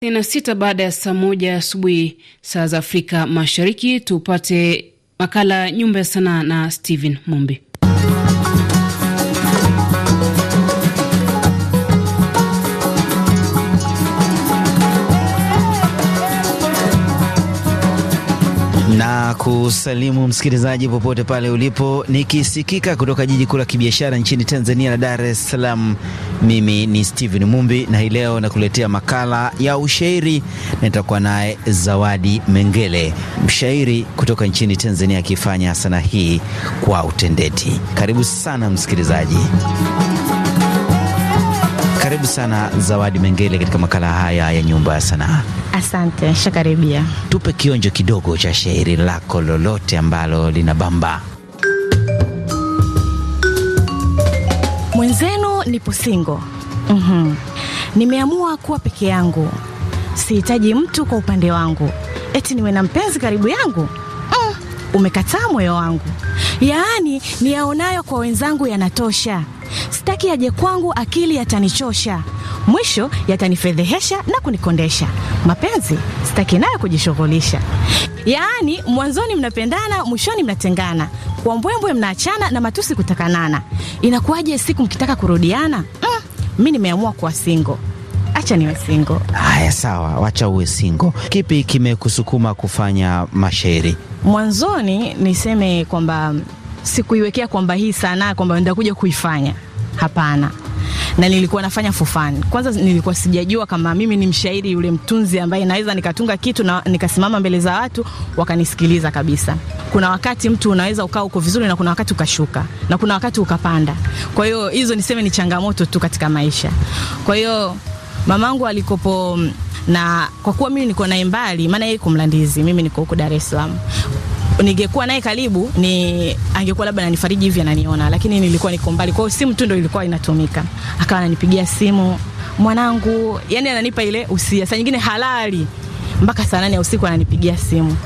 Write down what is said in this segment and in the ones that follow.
Tena sita baada ya saa moja asubuhi saa za Afrika Mashariki, tupate makala Nyumba ya Sanaa na Stephen Mumbi. kusalimu msikilizaji popote pale ulipo, nikisikika kutoka jiji kuu la kibiashara nchini Tanzania la Dar es Salaam. Mimi ni Steven Mumbi na hii leo nakuletea makala ya ushairi na nitakuwa naye Zawadi Mengele, mshairi kutoka nchini Tanzania, akifanya sanaa hii kwa utendeti. Karibu sana msikilizaji. Karibu sana Zawadi Mengele katika makala haya ya Nyumba ya Sanaa. Asante shakaribia. Tupe kionjo kidogo cha shairi lako lolote ambalo lina bamba mwenzenu. Nipo singo, mm -hmm. Nimeamua kuwa peke yangu, sihitaji mtu kwa upande wangu, eti niwe na mpenzi karibu yangu ah, Umekataa moyo wangu, yaani niyaonayo kwa wenzangu yanatosha Sitaki aje kwangu, akili yatanichosha, mwisho yatanifedhehesha na kunikondesha. Mapenzi sitaki nayo kujishughulisha. Yaani, mwanzoni mnapendana, mwishoni mnatengana, kwa mbwembwe mnaachana na matusi kutakanana. Inakuwaje siku mkitaka kurudiana? Mm, mi nimeamua kuwa singo. Acha niwe singo. Haya, sawa, wacha uwe singo. Kipi kimekusukuma kufanya mashairi? Mwanzoni niseme kwamba sikuiwekea kwamba hii sanaa kwamba nitakuja kuifanya, hapana. Na nilikuwa nafanya fufani Kwanza nilikuwa sijajua kama mimi ni mshairi yule mtunzi ambaye naweza nikatunga kitu na nikasimama mbele za watu wakanisikiliza kabisa. Kuna wakati mtu unaweza ukaa uko vizuri na kuna wakati ukashuka na kuna wakati ukapanda. Kwa hiyo hizo niseme ni changamoto tu katika maisha. Kwa hiyo mamangu alikopo na kwa kuwa mimi niko naye mbali, maana yeye kumlandizi mimi niko huko Dar es Salaam ningekuwa naye karibu ni angekuwa labda ananifariji hivi ananiona, lakini nilikuwa niko mbali, kwa hiyo simu tu ndio ilikuwa inatumika. Akawa ananipigia simu, mwanangu, yani ananipa ile usia, saa nyingine halali mpaka saa nane ya usiku ananipigia simu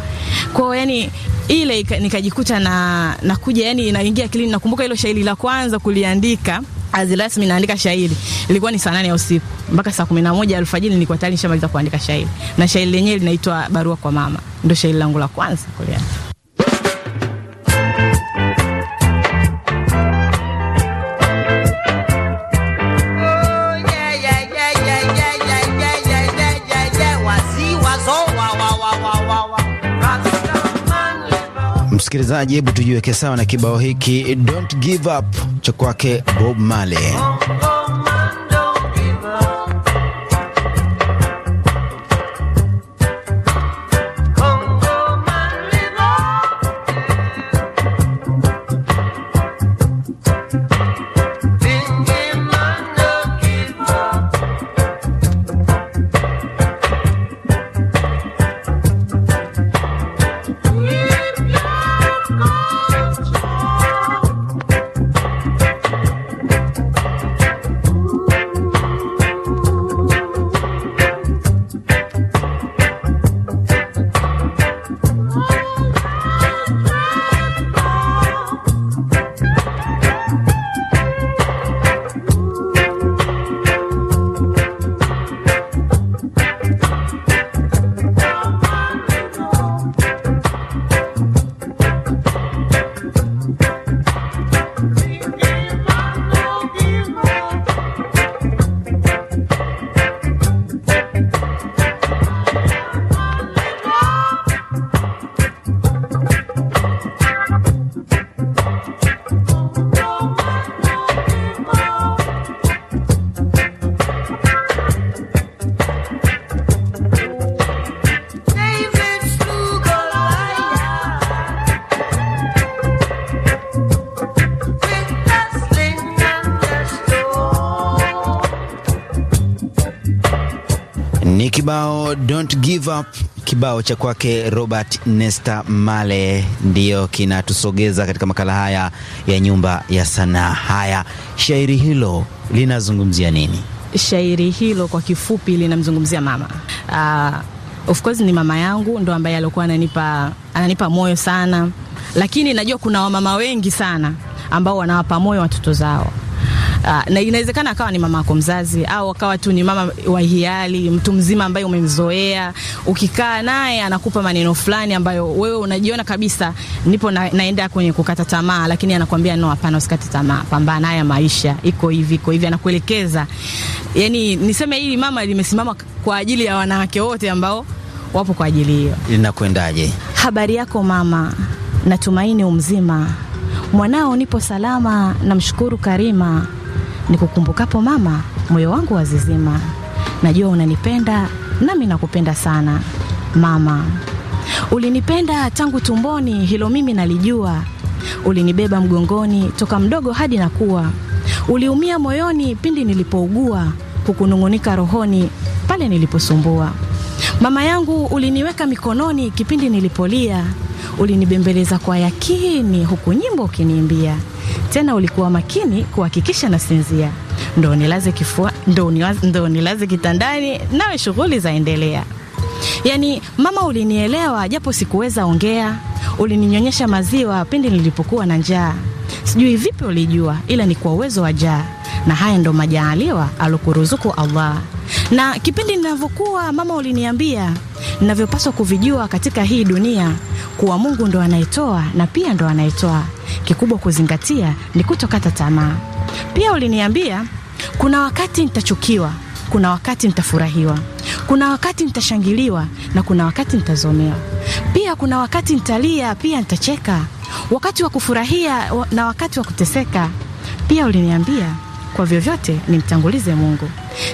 kwao, yani ile nikajikuta na nakuja, yani inaingia akilini. Nakumbuka hilo shairi la kwanza kuliandika azi rasmi naandika shairi ilikuwa ni saa nane ya usiku mpaka saa kumi na moja alfajiri nilikuwa tayari nishamaliza kuandika shairi, na shairi lenyewe linaitwa barua kwa mama, ndio shairi langu la kwanza kuliandika. msikilizaji, hebu tujiweke sawa na kibao hiki Don't Give Up cha kwake Bob Marley. Don't Give Up, kibao cha kwake Robert Nesta Male ndiyo kinatusogeza katika makala haya ya nyumba ya sanaa. Haya, shairi hilo linazungumzia nini? Shairi hilo kwa kifupi linamzungumzia mama. Uh, of course ni mama yangu ndo ambaye alikuwa ananipa ananipa moyo sana, lakini najua kuna wamama wengi sana ambao wanawapa moyo watoto zao Uh, na inawezekana akawa ni mama yako mzazi au akawa tu ni mama wa hiali, mtu mzima ambaye umemzoea. Ukikaa naye anakupa maneno fulani ambayo wewe unajiona kabisa nipo na, naenda kwenye kukata tamaa, lakini anakuambia no, hapana, usikate tamaa, pambana naye, maisha, iko hivi, iko hivi, anakuelekeza. Yani niseme hili mama limesimama kwa ajili ya wanawake wote ambao wapo kwa ajili hiyo. Linakwendaje? Habari yako mama, natumaini umzima. Mwanao nipo salama, namshukuru Karima. Nikukumbukapo mama, moyo wangu wazizima. Najua unanipenda nami nakupenda sana mama. Ulinipenda tangu tumboni, hilo mimi nalijua. Ulinibeba mgongoni toka mdogo hadi nakuwa. Uliumia moyoni pindi nilipougua, kukunung'unika rohoni pale niliposumbua. Mama yangu uliniweka mikononi kipindi nilipolia, ulinibembeleza kwa yakini, huku nyimbo ukiniimbia tena ulikuwa makini kuhakikisha nasinzia. Ndo nilaze kifua, ndo ndo nilaze kitandani, nawe shughuli zaendelea. Yaani mama, ulinielewa japo sikuweza ongea. Ulininyonyesha maziwa pindi nilipokuwa na njaa, sijui vipi ulijua, ila ni kwa uwezo wa jaa, na haya ndo majaaliwa alokuruzuku Allah. Na kipindi ninavyokuwa mama, uliniambia ninavyopaswa kuvijua katika hii dunia, kuwa Mungu ndo anayetoa na pia ndo anayetoa Kikubwa kuzingatia ni kutokata tamaa. Pia uliniambia kuna wakati nitachukiwa, kuna wakati nitafurahiwa, kuna wakati nitashangiliwa na kuna wakati nitazomewa. Pia kuna wakati nitalia, pia nitacheka, wakati wa kufurahia na wakati wa kuteseka. Pia uliniambia kwa vyovyote nimtangulize Mungu.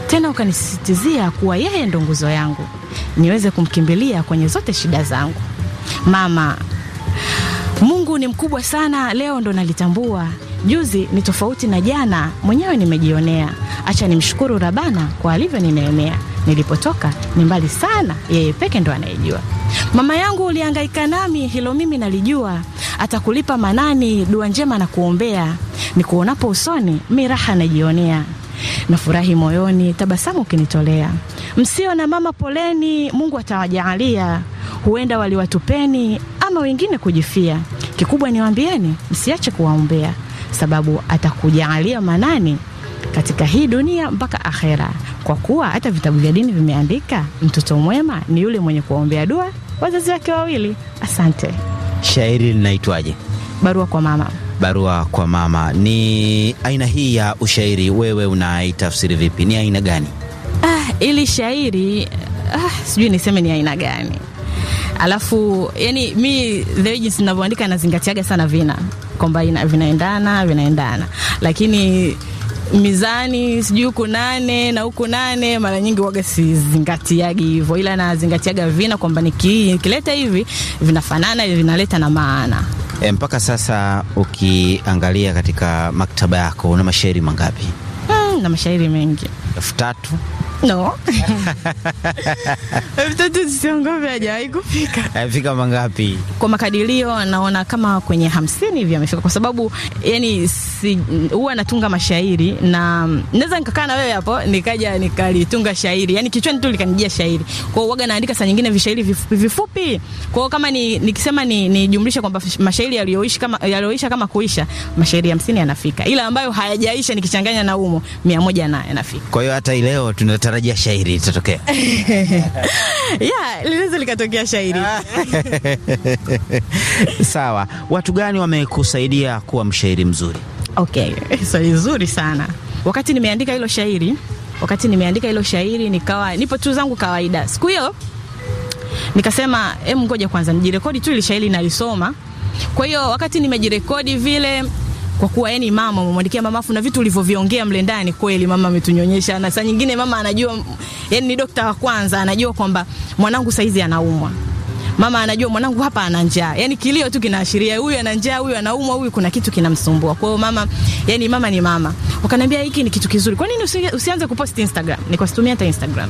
Tena ukanisisitizia kuwa yeye ndo nguzo yangu, niweze kumkimbilia kwenye zote shida zangu. Mama, Mungu ni mkubwa sana, leo ndo nalitambua. Juzi ni tofauti na jana, mwenyewe nimejionea. Acha nimshukuru Rabana kwa alivyo alivyonineemea. Nilipotoka ni mbali sana, yeye peke ndo anayejua. Mama yangu uliangaika nami, hilo mimi nalijua. Atakulipa Manani, dua njema na kuombea. Nikuonapo usoni, mi raha najionea nafurahi moyoni, tabasamu ukinitolea. Msio na mama poleni, Mungu atawajaalia. Huenda waliwatupeni, ama wengine kujifia. Kikubwa niwaambieni, msiache kuwaombea, sababu atakujaalia manani katika hii dunia mpaka akhera, kwa kuwa hata vitabu vya dini vimeandika, mtoto mwema ni yule mwenye kuwaombea dua wazazi wake wawili. Asante. Shairi linaitwaje? Barua kwa mama. Barua kwa mama ni aina hii ya ushairi, wewe unaitafsiri vipi? Ni aina gani? Ah, ili shairi ah, sijui niseme ni aina gani alafu yani mi the jinsi ninavyoandika nazingatiaga sana vina kwamba vinaendana vinaendana, lakini mizani sijui huku nane na huku nane, mara nyingi waga sizingatiagi hivyo, ila nazingatiaga vina kwamba nikileta hivi vinafanana, vinaleta na maana. E, mpaka sasa ukiangalia katika maktaba yako una mashairi mangapi? Hmm, na mashairi mengi elfu tatu No. Mtoto ngapi, hajawahi kufika. Amefika mangapi? Kwa makadirio naona kama kwenye hamsini hivi amefika, kwa sababu yani si, huwa natunga mashairi na naweza nikakaa na wewe hapo nikaja nikalitunga shairi, yani kichwani tu likanijia shairi. Kwa hiyo waga naandika saa nyingine vishairi vifupi vifupi. Kwa hiyo kama ni, nikisema ni nijumlishe kwamba mashairi yaliyoisha kama yaliyoisha kama kuisha, mashairi hamsini yanafika, ila ambayo hayajaisha nikichanganya na humo mia moja na yanafika. Kwa hiyo hata leo tunata unatarajia shairi litatokea? yeah, linaweza likatokea shairi sawa. Watu gani wamekusaidia kuwa mshairi mzuri? Okay, swali so, zuri sana. Wakati nimeandika hilo shairi, wakati nimeandika hilo shairi nikawa nipo tu zangu kawaida. Siku hiyo nikasema em, ngoja kwanza nijirekodi tu ile shairi nalisoma. Kwa hiyo wakati nimejirekodi vile kwa kuwa yani mama umemwandikia mama, afu na vitu ulivyoviongea mle ndani, kweli mama ametunyonyesha, na saa nyingine mama anajua, yani ni dokta wa kwanza, anajua kwamba mwanangu saizi anaumwa mama anajua mwanangu hapa ana njaa, yani kilio tu kinaashiria huyu ana njaa, huyu anaumwa, huyu kuna kitu kinamsumbua. Kwa hiyo mama, yani mama ni mama. Wakaniambia hiki ni kitu kizuri, kwa nini usi, usianze kupost Instagram? Nikasitumia hata Instagram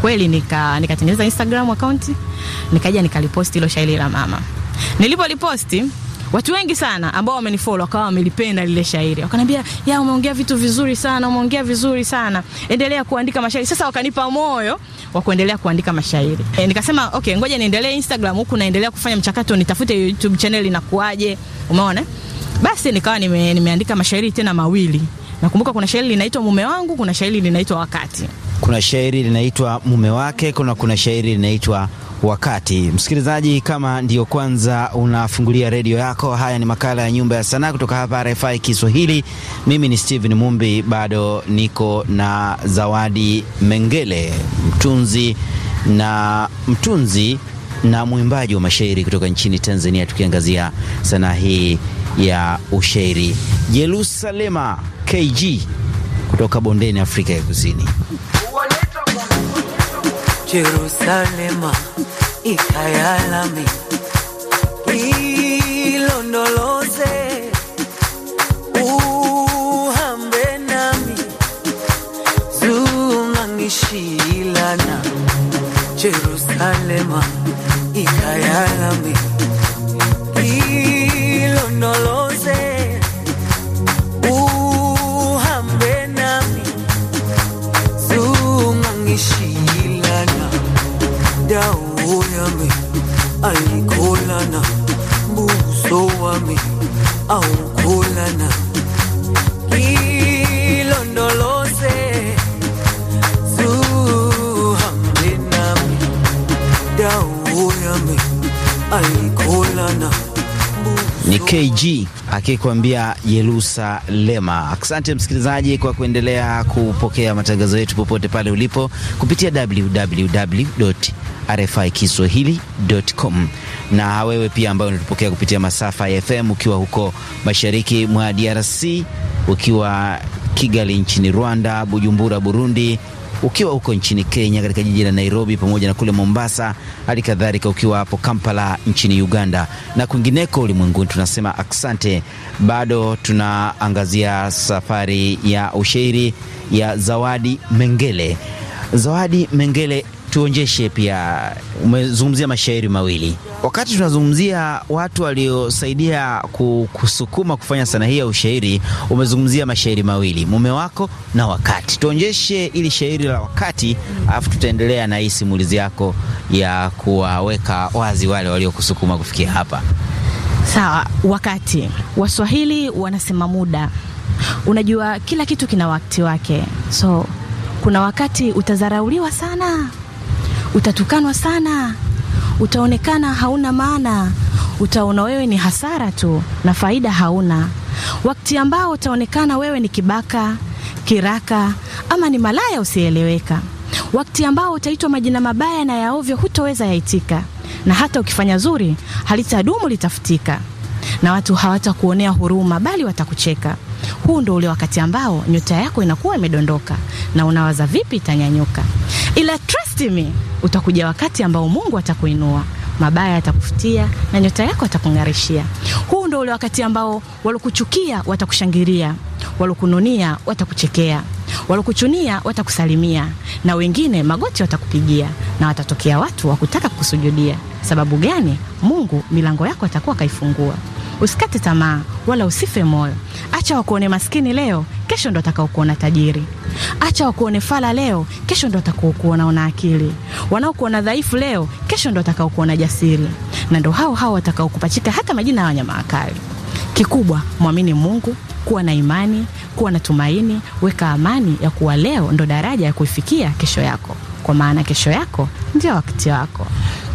kweli, nika nikatengeneza Instagram account, nikaja nikaliposti hilo shairi la mama. Nilipoliposti watu wengi sana ambao wamenifollow wakawa wamelipenda lile shairi, wakaniambia ya, umeongea vitu vizuri sana, umeongea vizuri sana, endelea kuandika mashairi. Sasa wakanipa moyo wa kuendelea kuandika mashairi e, nikasema okay, ngoja niendelee Instagram huku naendelea kufanya mchakato, nitafute YouTube channel inakuaje, umeona. Basi nikawa nime, nimeandika mashairi tena mawili. Nakumbuka kuna shairi linaitwa mume wangu, kuna shairi linaitwa wakati, kuna shairi linaitwa mume wake, kuna kuna shairi linaitwa wakati. Msikilizaji, kama ndiyo kwanza unafungulia redio yako, haya ni makala ya Nyumba ya Sanaa kutoka hapa RFI Kiswahili. Mimi ni Steven Mumbi, bado niko na Zawadi Mengele, mtunzi na mtunzi na mwimbaji wa mashairi kutoka nchini Tanzania, tukiangazia sanaa hii ya ushairi. Jerusalema KG kutoka bondeni Afrika ya Kusini. Jerusalema ikayalami ilondoloze, uhambe nami zungangishilana Jerusalema ikayalami ni KG akikuambia Yerusalema. Asante msikilizaji kwa kuendelea kupokea matangazo yetu popote pale ulipo kupitia www RFI Kiswahili.com na wewe pia ambayo unatupokea kupitia masafa ya FM ukiwa huko mashariki mwa DRC, ukiwa Kigali nchini Rwanda, Bujumbura Burundi, ukiwa huko nchini Kenya katika jiji la Nairobi pamoja na kule Mombasa, hali kadhalika ukiwa hapo Kampala nchini Uganda na kwingineko ulimwenguni, tunasema aksante. Bado tunaangazia safari ya ushairi ya Zawadi Mengele. Zawadi Mengele tuonjeshe pia. Umezungumzia mashairi mawili, wakati tunazungumzia watu waliosaidia kusukuma kufanya sanaa hii ya ushairi, umezungumzia mashairi mawili, mume wako na wakati. Tuonjeshe ili shairi la wakati, alafu tutaendelea na hii simulizi yako ya kuwaweka wazi wale waliokusukuma kufikia hapa. Sawa, wakati. Waswahili wanasema muda, unajua kila kitu kina wakati wake, so kuna wakati utadharauliwa sana utatukanwa sana, utaonekana hauna maana, utaona wewe ni hasara tu na faida hauna, wakati ambao utaonekana wewe ni kibaka, kiraka ama ni malaya usieleweka, wakati ambao utaitwa majina mabaya na ya ovyo hutoweza yaitika, na hata ukifanya zuri halitadumu litafutika, na watu hawatakuonea huruma, bali watakucheka. Huu ndo ule wakati ambao nyota yako inakuwa imedondoka na unawaza vipi itanyanyuka, ila trust me utakuja wakati ambao Mungu atakuinua, mabaya atakufutia na nyota yako atakung'arishia. Huu ndo ule wakati ambao walokuchukia watakushangilia, walikununia watakuchekea, walokuchunia watakusalimia, na wengine magoti watakupigia, na watatokea watu wakutaka kukusujudia. Sababu gani? Mungu milango yako atakuwa kaifungua. Usikate tamaa wala usife moyo. Acha wakuone maskini leo, kesho ndo atakaokuona tajiri. Acha wakuone fala leo, kesho ndo atakaokuona una akili. Wanaokuona dhaifu leo, kesho ndo atakaokuona jasiri, na ndo hao hao watakaokupachika hata majina ya wanyama wakali. Kikubwa, mwamini Mungu, kuwa na imani, kuwa na tumaini, weka amani ya kuwa leo ndo daraja ya kuifikia kesho yako, kwa maana kesho yako ndio wakati wako.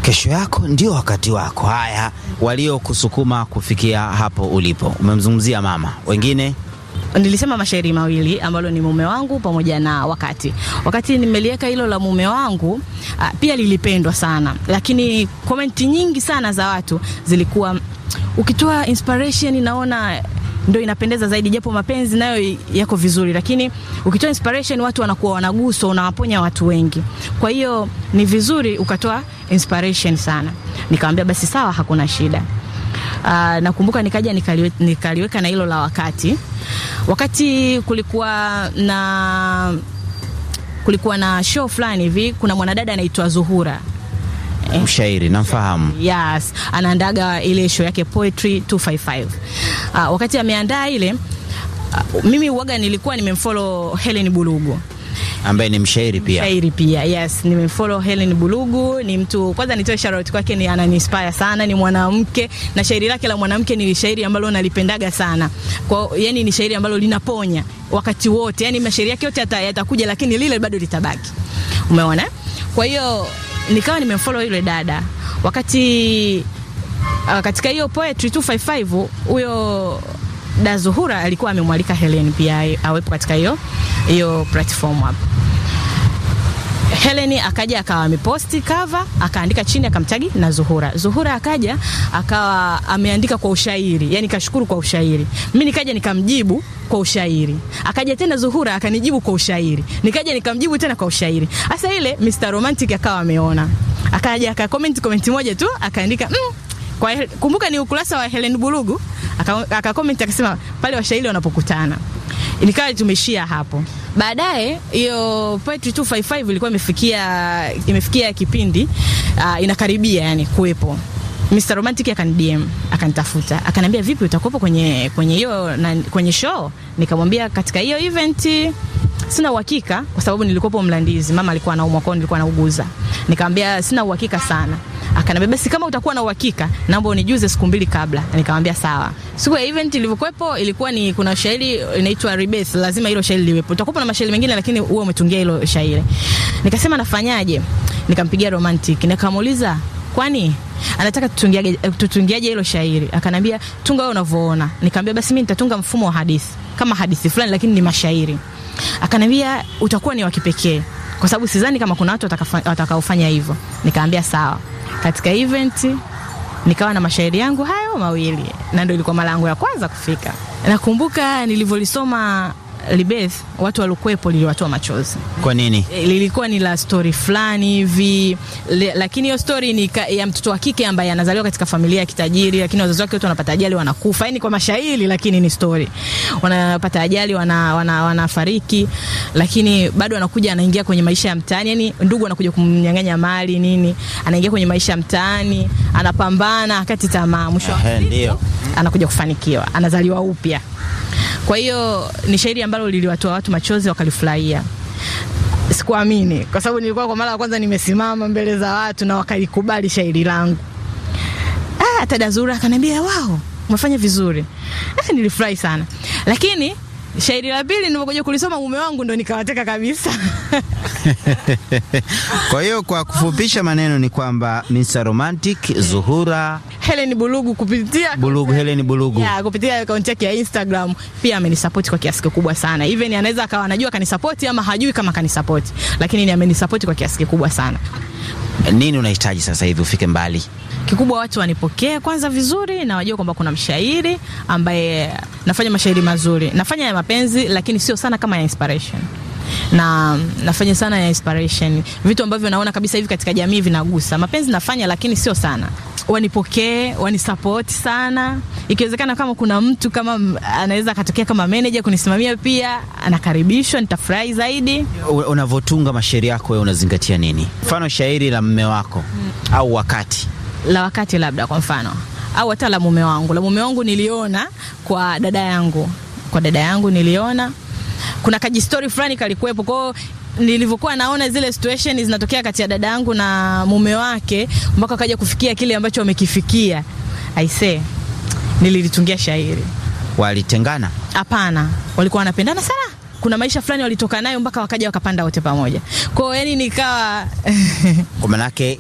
Kesho yako ndio wakati wako. Haya, waliokusukuma kufikia hapo ulipo, umemzungumzia mama, wengine nilisema mashairi mawili ambalo ni mume wangu pamoja na wakati. Wakati nimeliweka hilo la mume wangu a, ah, pia lilipendwa sana, lakini komenti nyingi sana za watu zilikuwa ukitoa inspiration, naona ndio inapendeza zaidi, japo mapenzi nayo yako vizuri, lakini ukitoa inspiration watu wanakuwa wanaguswa, unawaponya watu wengi. Kwa hiyo ni vizuri ukatoa inspiration sana. Nikamwambia basi sawa, hakuna shida. Uh, nakumbuka nikaja nikaliwe, nikaliweka na hilo la wakati. Wakati kulikuwa na kulikuwa na show fulani hivi, kuna mwanadada anaitwa Zuhura eh, ushairi namfahamu. Yes, anaandaga ile show yake Poetry 255. Uh, ah, wakati ameandaa ile uh, mimi uoga nilikuwa nimemfollow Helen Bulugu ambaye ni mshairi pia. Mshairi pia. Yes, nimefollow Helen Bulugu, ni mtu kwanza nitoe shout kwake ni ananiinspire sana, ni mwanamke na shairi lake la mwanamke ni shairi ambalo nalipendaga sana. Kwa yani ni shairi ambalo linaponya wakati wote. Yani mashairi yake yote yatakuja lakini lile bado litabaki. Umeona? Kwa hiyo nikawa nimemfollow yule dada wakati uh, katika hiyo poetry 255 huyo da Zuhura alikuwa amemwalika Helen pia awepo katika hiyo hiyo platform hapo. Helen akaja akawa ameposti cover, akaandika chini akamtagi na Zuhura. Zuhura akaja akawa ameandika kwa ushairi, yani kashukuru kwa ushairi. Mimi nikaja nikamjibu kwa ushairi. Akaja tena Zuhura akanijibu kwa ushairi. Nikaja nikamjibu tena kwa ushairi. Sasa ile Mr Romantic akawa ameona. Akaja akakomenti comment moja tu akaandika mm, kwa kumbuka ni ukurasa wa Helen Bulugu, akakomenti akasema pale washairi wanapokutana Ilikawa tumeishia hapo. Baadaye hiyo Poetry 255 ilikuwa imefikia imefikia kipindi uh, inakaribia yani kuwepo Mr. Romantic akani DM akanitafuta, akaniambia vipi, utakuwepo kwenye kwenye hiyo kwenye show? Nikamwambia katika hiyo event sina uhakika, kwa sababu nilikuwepo Mlandizi, mama alikuwa anaumwa kwao, nilikuwa nauguza. Nikamwambia sina uhakika sana Akanambia basi kama utakuwa na uhakika naomba unijuze siku mbili kabla. Nikamwambia sawa. Siku ya event ilivyokuwepo ilikuwa ni kuna shairi inaitwa rebase, lazima hilo shairi liwepo. Utakuwa na mashairi mengine lakini uwe umetungia hilo shairi. Nikasema nafanyaje? Nikampigia romantic. Nikamuuliza kwani anataka tutungiaje, tutungiaje hilo shairi? Akanambia tunga wewe unavyoona. Nikamwambia basi mimi nitatunga mfumo wa hadithi, kama hadithi fulani lakini ni mashairi. Akanambia utakuwa ni wa kipekee, kwa sababu sidhani kama kuna watu watakaofanya hivyo. Nikaambia sawa katika event nikawa na mashairi yangu hayo mawili, na ndio ilikuwa mara yangu ya kwanza kufika. Nakumbuka nilivyolisoma Libeth watu waliokuwepo liliwatoa machozi. Kwa nini? E, lilikuwa ni la story fulani hivi, lakini hiyo story ni ka, ya mtoto wa kike ambaye anazaliwa katika familia ya kitajiri, lakini wazazi wake wote wanapata ajali, wanakufa. Yani kwa mashairi, lakini ni story. Wanapata ajali, wana, wana, wanafariki, lakini bado anakuja anaingia kwenye maisha ya mtaani. Yani ndugu anakuja kumnyang'anya mali nini, anaingia kwenye maisha ya mtaani, anapambana, akati tamaa, mwisho ndio anakuja kufanikiwa, anazaliwa upya. Kwa hiyo ni shairi ambalo ambalo liliwatoa watu machozi wakalifurahia. Sikuamini kwa sababu nilikuwa kwa mara ya kwanza nimesimama mbele za watu na wakalikubali shairi langu. Ah, hata Dazura akaniambia wao umefanya vizuri. Eh, nilifurahi sana lakini Shairi la pili nilipokuja kulisoma mume wangu ndo nikawateka kabisa. Kwa hiyo kwa kufupisha maneno ni kwamba Mr Romantic Zuhura Helen Bulugu kupitia Bulugu Helen Bulugu. Ya, kupitia akaunti yake ya Instagram pia amenisupport kwa kiasi kikubwa sana. Even anaweza akawa anajua kanisupport ama hajui kama kanisupport, lakini ni amenisupport kwa kiasi kikubwa sana nini unahitaji sasa hivi ufike mbali? Kikubwa watu wanipokee kwanza vizuri, na wajue kwamba kuna mshairi ambaye nafanya mashairi mazuri, nafanya ya mapenzi, lakini sio sana kama ya inspiration na nafanya sana ya inspiration, vitu ambavyo naona kabisa hivi katika jamii vinagusa mapenzi nafanya, lakini sio sana wanipokee, wanisapoti sana. Ikiwezekana kama kuna mtu kama anaweza akatokea kama meneja kunisimamia pia, anakaribishwa, nitafurahi zaidi. Unavyotunga mashairi yako wewe unazingatia nini? Mfano shairi la mme wako hmm, au wakati la wakati labda kwa mfano, au hata la mume wangu. La mume wangu niliona kwa dada yangu, kwa dada yangu niliona kuna kajistori fulani kalikuwepo kwao, nilivyokuwa naona zile situation zinatokea kati ya dada yangu na mume wake mpaka akaja kufikia kile ambacho wamekifikia, I say nililitungia shairi. Walitengana? Hapana, walikuwa wanapendana sana kuna maisha fulani walitoka nayo mpaka wakaja wakapanda wote pamoja. Kwa hiyo yani nikawa kwa maana yake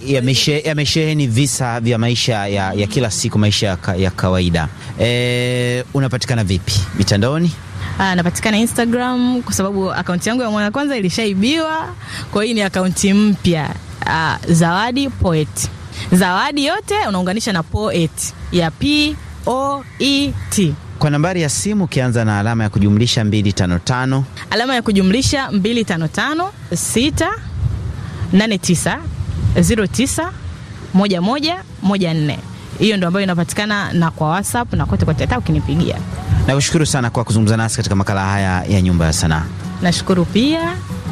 yamesheheni ya visa vya maisha ya, ya kila siku maisha ya, ya kawaida. E, unapatikana vipi mitandaoni? Uh, ah, napatikana Instagram kwa sababu akaunti yangu ya mwana kwanza ilishaibiwa, kwa hiyo ni akaunti mpya uh, Zawadi Poet. Zawadi yote unaunganisha na poet ya P O E T kwa nambari ya simu ukianza na alama ya kujumlisha 255 alama ya kujumlisha 255 689 09 Hiyo ndio ambayo inapatikana na kwa WhatsApp na kote kote, hata ukinipigia Nakushukuru sana kwa kuzungumza nasi katika makala haya ya Nyumba ya Sanaa. Nashukuru pia,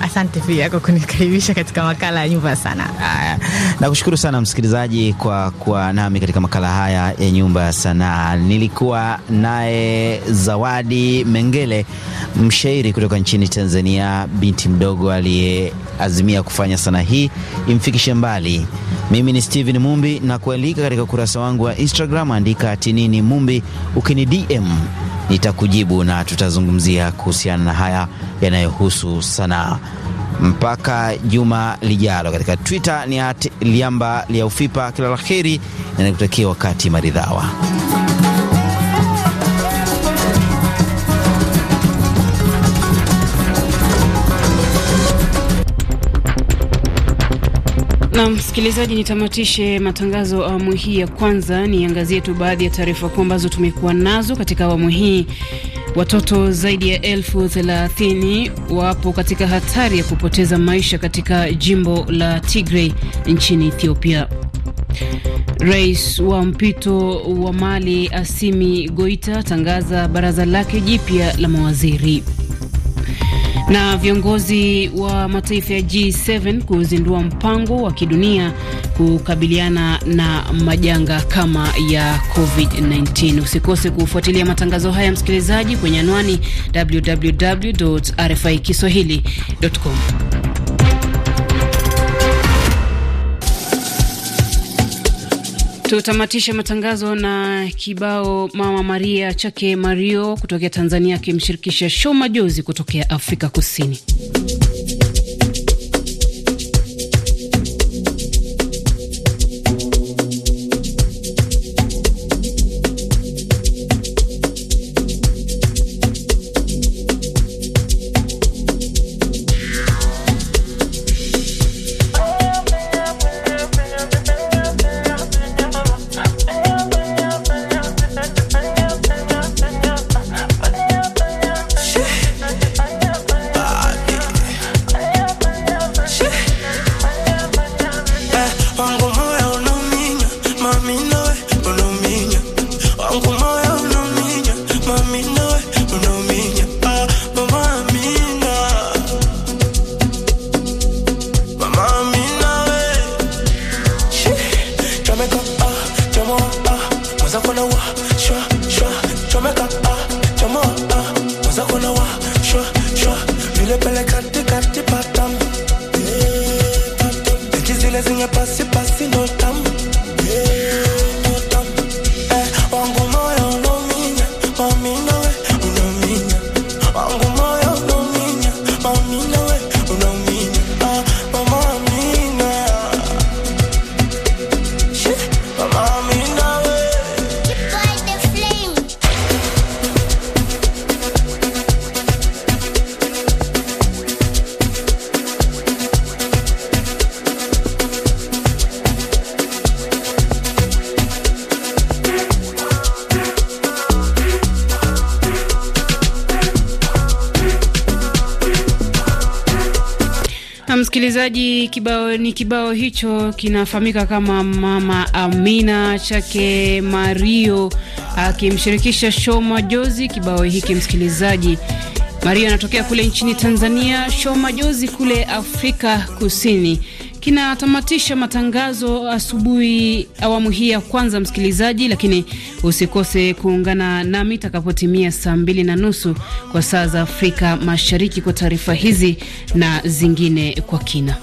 asante pia kwa kunikaribisha katika makala ya Nyumba ya Sanaa. Nakushukuru sana msikilizaji kwa kuwa nami katika makala haya ya Nyumba ya Sanaa. Nilikuwa naye Zawadi Mengele, mshairi kutoka nchini Tanzania, binti mdogo aliyeazimia kufanya sanaa hii imfikishe mbali. Mimi ni Steven Mumbi na kualika katika ukurasa wangu wa Instagram, andika tinini Mumbi ukini DM nitakujibu na tutazungumzia kuhusiana na haya yanayohusu sanaa. Mpaka juma lijalo, katika Twitter ni at liamba lya ufipa. Kila la heri na nikutakia wakati maridhawa. Na msikilizaji, nitamatishe matangazo awamu hii ya kwanza, niangazie tu baadhi ya taarifa kuu ambazo tumekuwa nazo katika awamu hii. Watoto zaidi ya elfu thelathini wapo katika hatari ya kupoteza maisha katika jimbo la Tigray nchini Ethiopia. Rais wa mpito wa Mali Asimi Goita tangaza baraza lake jipya la mawaziri na viongozi wa mataifa ya G7 kuzindua mpango wa kidunia kukabiliana na majanga kama ya COVID-19. Usikose kufuatilia matangazo haya msikilizaji, kwenye anwani www.rfikiswahili.com. Tutamatisha matangazo na kibao Mama Maria chake Mario kutokea Tanzania akimshirikisha shoma jozi kutokea Afrika Kusini. Msikilizaji, kibao ni kibao hicho kinafahamika kama Mama Amina chake Mario akimshirikisha Shoma Jozi. Kibao hiki msikilizaji, Mario anatokea kule nchini Tanzania, Shoma Jozi kule Afrika Kusini kinatamatisha matangazo asubuhi awamu hii ya kwanza, msikilizaji, lakini usikose kuungana nami itakapotimia saa mbili na nusu kwa saa za Afrika Mashariki kwa taarifa hizi na zingine kwa kina.